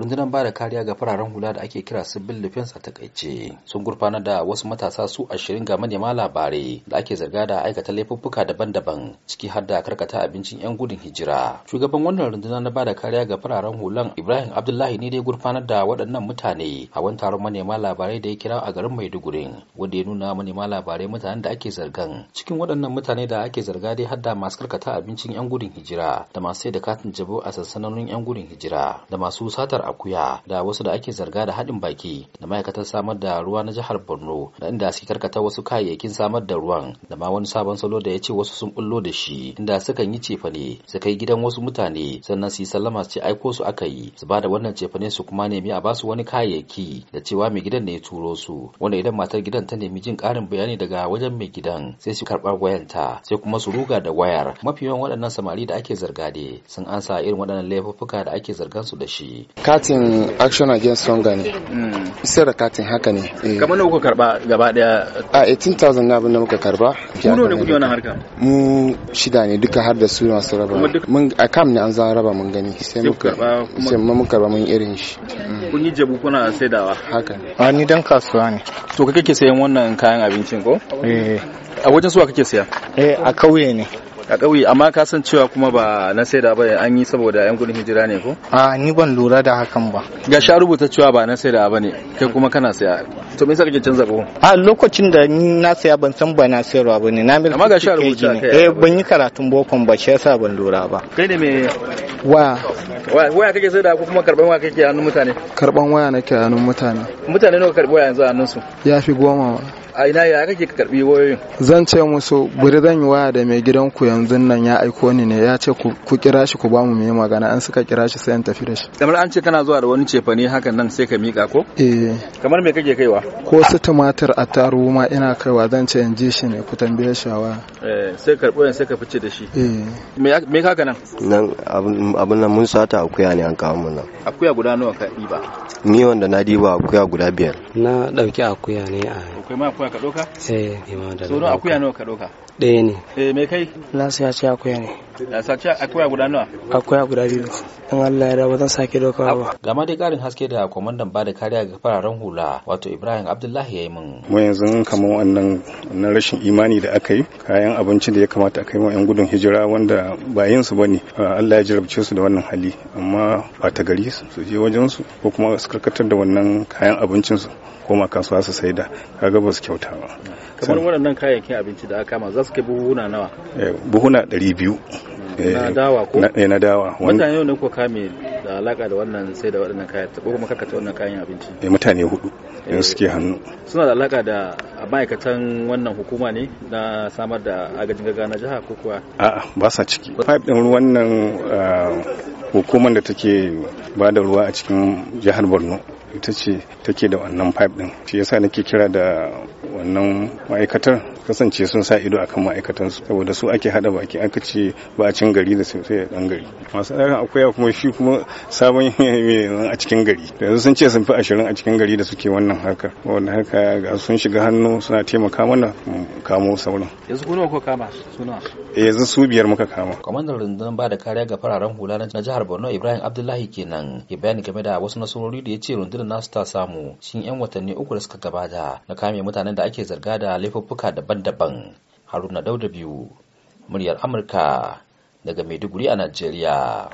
rundunar ba da kariya ga fararen hula da ake kira civil defense a takaice sun gurfana da wasu matasa su ashirin ga manema labarai da ake zarga da aikata laifuffuka daban-daban ciki har da karkata abincin yan gudun hijira shugaban wannan runduna na ba da kariya ga fararen hulan ibrahim abdullahi ne dai gurfanar da waɗannan mutane a wani taron manema labarai da ya kira a garin maiduguri wanda ya nuna manema labarai mutanen da ake zargan cikin waɗannan mutane da ake zarga dai har da masu karkata abincin yan gudun hijira da masu sai da katin jabo a sansanonin yan gudun hijira da masu satar akuya da wasu da ake zarga da haɗin baki da ma'aikatar samar da ruwa na jihar borno da inda suke karkata wasu kayayyakin samar da ruwan da ma wani sabon salo da ya ce wasu sun bullo da shi inda sukan yi cefane su kai gidan wasu mutane sannan su yi sallama su ce aiko su aka yi su ba da wannan cefane su kuma nemi a basu wani kayayyaki da cewa mai gidan ne ya turo su wanda idan matar gidan ta nemi jin ƙarin bayani daga wajen mai gidan sai su karɓar wayanta sai kuma su ruga da wayar mafi yawan waɗannan samari da ake zarga sun ansa irin waɗannan laifuffuka da ake zargansu da shi ka katin action against hunger ne sai da katin haka ne eh. kamar na muka karba gaba daya a 18,000 na abin da muka karba kuno ne kudi wani harka mu shida ne duka har da su masu raba mun a kam ne an zan raba mun gani sai muka sai mun karba mun irin shi kun yi jabu kuna saidawa haka ne a ni dan kasuwa ne to kake sayan wannan kayan abincin ko eh a wajen suwa kake siya eh a kauye ne a ƙauye amma ka san cewa kuma ba na saida ba an yi saboda yan gudun hijira ne ko a ni ban lura da hakan ba ga sha rubuta cewa ba na saida ba ne kai kuma kana saya to me yasa kake canza buhu a lokacin da ni na saya ban san ba na sayarwa ba ne na mil amma ga sha rubuta kai eh ban yi karatun bokon ba shi yasa ban lura ba kai ne me wa waya kake saida ko kuma karban waya kake hannun mutane karban waya nake hannun mutane mutane nawa karbi waya yanzu hannun su ya fi goma a ina ya kake karbi wayoyin zan ce musu buri zan yi waya da mai gidan ku yanzu nan ya aiko ni ne ya ce ku kira shi ku ba mu mai magana an suka kira shi sai an tafi da shi kamar an ce kana zuwa da wani cefane hakan nan sai ka mika ko eh kamar me kake kaiwa ko su tumatir a taru ma ina kaiwa zan ce in ji shi ne ku tambaye shi wa eh sai karbo yan sai ka fice da shi eh me ka nan nan Abun nan mun sata akuya ne an kawo mun nan akuya guda nawa ka diba ni wanda na diba akuya guda biyar na dauki akuya ne a akwai ma akuya ka doka eh ima da sauran akuya nawa ka doka ɗaya ne eh me kai lasu ya ce akuya ne lasu ce akuya guda nawa akuya guda biyu in Allah ya dawo zan sake dokawa ba gama dai karin haske da kwamandan ba da kariya ga fararen hula wato Ibrahim Abdullahi ya yi min. mu yanzu kamar wannan na rashin imani da aka yi kayan abincin da ya kamata a kai wa yan gudun hijira wanda ba yin su bane Allah ya jarabce su da wannan hali amma ba ta gari su je wajen ko kuma su karkatar da wannan kayan abincin su koma kasuwa su saida kaga ba su kyautawa kamar waɗannan kayayyakin abinci da aka kama za su kai eh, buhuna nawa buhuna 200 na eh, dawa ko na eh, dawa mutane yau ne ko kame da alaka da wannan sai da waɗannan kayan ko kuma kakata wannan kayan abinci mutane hudu yanzu suke hannu suna da alaka da ma'aikatan wannan hukuma ne na samar da agajin gaggawa na jiha ko kuwa a'a ba sa ciki pipe din ruwan nan ah, hukumar da take ba da ruwa a cikin jihar Borno ita ce take da wannan pipe din shi yasa nake kira da wannan ma'aikatar kasance sun sa ido akan ma'aikatan su saboda su ake hada baki aka ce ba a cin gari da sai a dan gari masu tsarin akwai kuma shi kuma sabon yanayi a cikin gari yanzu sun ce sun fi ashirin a cikin gari da suke wannan haka wannan haka ga sun shiga hannu suna taimaka mana kamo sauran yanzu kuna ko kama suna eh, yanzu su biyar muka kama kwamandan rundunar ba da kariya ga fararen hula na jihar borno ibrahim abdullahi kenan ke bayani game da wasu nasarori da ya ce rundunar nasu ta samu cikin yan watanni uku da suka gabata na kame mutanen da ake zarga da laifuffuka daban-daban haruna dauda biyu muryar amurka daga maiduguri a najeriya